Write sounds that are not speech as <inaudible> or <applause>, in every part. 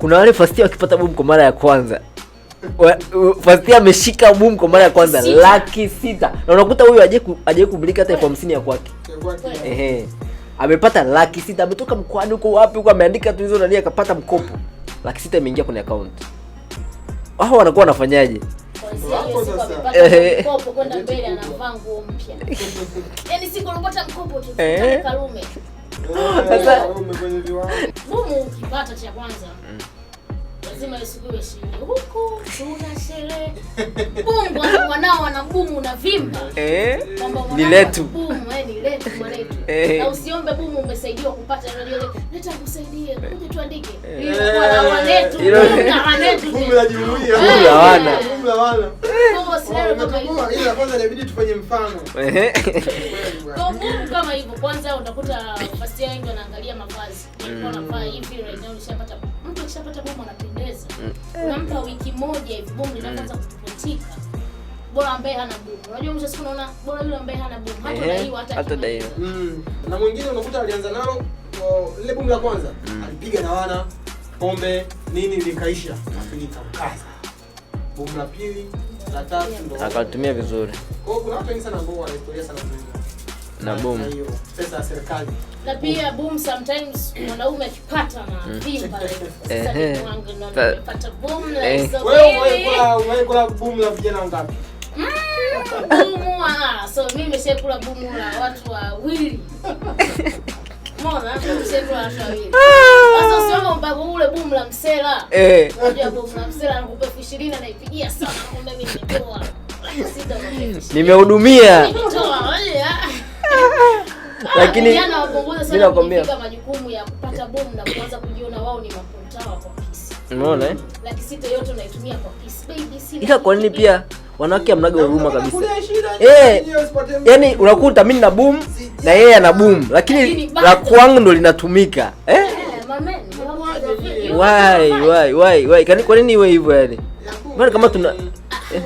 kuna wale first year wakipata boom kwa mara ya kwanza first year ameshika boom kwa mara ya kwanza sita. laki sita na unakuta huyu aje kubilika hata elfu hamsini ya kwake ehe amepata laki sita ametoka mkoani huko wapi huko ameandika tu hizo nani akapata mkopo laki sita imeingia kwenye account hao wanakuwa wanafanyaje <laughs> kupata cha kwanza mm. lazima mm. shule huku tuna sherehe bungu ana bumu na vimba eh, ni letu bumu eh, ni letu mwaletu <laughs> eh. Na usiombe bumu umesaidiwa kupata radio ile, leta kusaidie kuja tuandike eh. Ili kwa waletu bungu la jumuiya bungu hawana jumla bwana. Ila kwanza inabidi tufanye mfano. Kwa Mungu kama hivyo, kwanza utakuta fasi wengi wanaangalia mavazi. Nilikuwa mm. hivi, right now nishapata mtu akishapata bomu anapendeza. Mm. Unampa wiki moja hivi bomu linaanza mm. kutuputika. Bora ambaye hana bomu. Unajua mwisho unaona bora yule ambaye hana bomu. Hata dai hata hata dai. Na mwingine unakuta alianza nalo lile bomu la kwanza, alipiga na wana pombe nini likaisha, lakini kamkaza bomu la pili, la tatu ndo vizuri. Kwa kuna watu wengi sana ambao wana historia sana na bomu pesa ya serikali na pia boom sometimes mwanaume akipata na vimba mm. like sasa <laughs> boom la eh. wewe kula boom la vijana ngapi? Mm, boom ah, so mimi nimeshakula boom la watu wawili. <laughs> Mbona nimeshakula watu wawili? <laughs> Nao mpaka ule boom la msela. Eh. Unajua boom la msela anakupa 20 anaipigia sana mimi nimetoa. <laughs> Nimehudumia. Ah. <laughs> Lakini ah, mimi nakwambia majukumu ya kupata boom na kuanza kujiona wao ni wa kwa Unaona eh? Laki sita yote kwa baby sina. kwa nini pia wanawake amnaga huruma kabisa. Eh, yani unakuta mimi na boom na yeye ana boom, lakini la kwangu ndo linatumika. Eh? Why why why why? Kani kwa nini iwe hivyo yani? Maana kama tuna nani?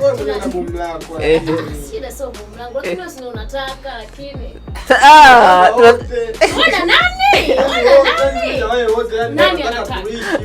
Nani anataka?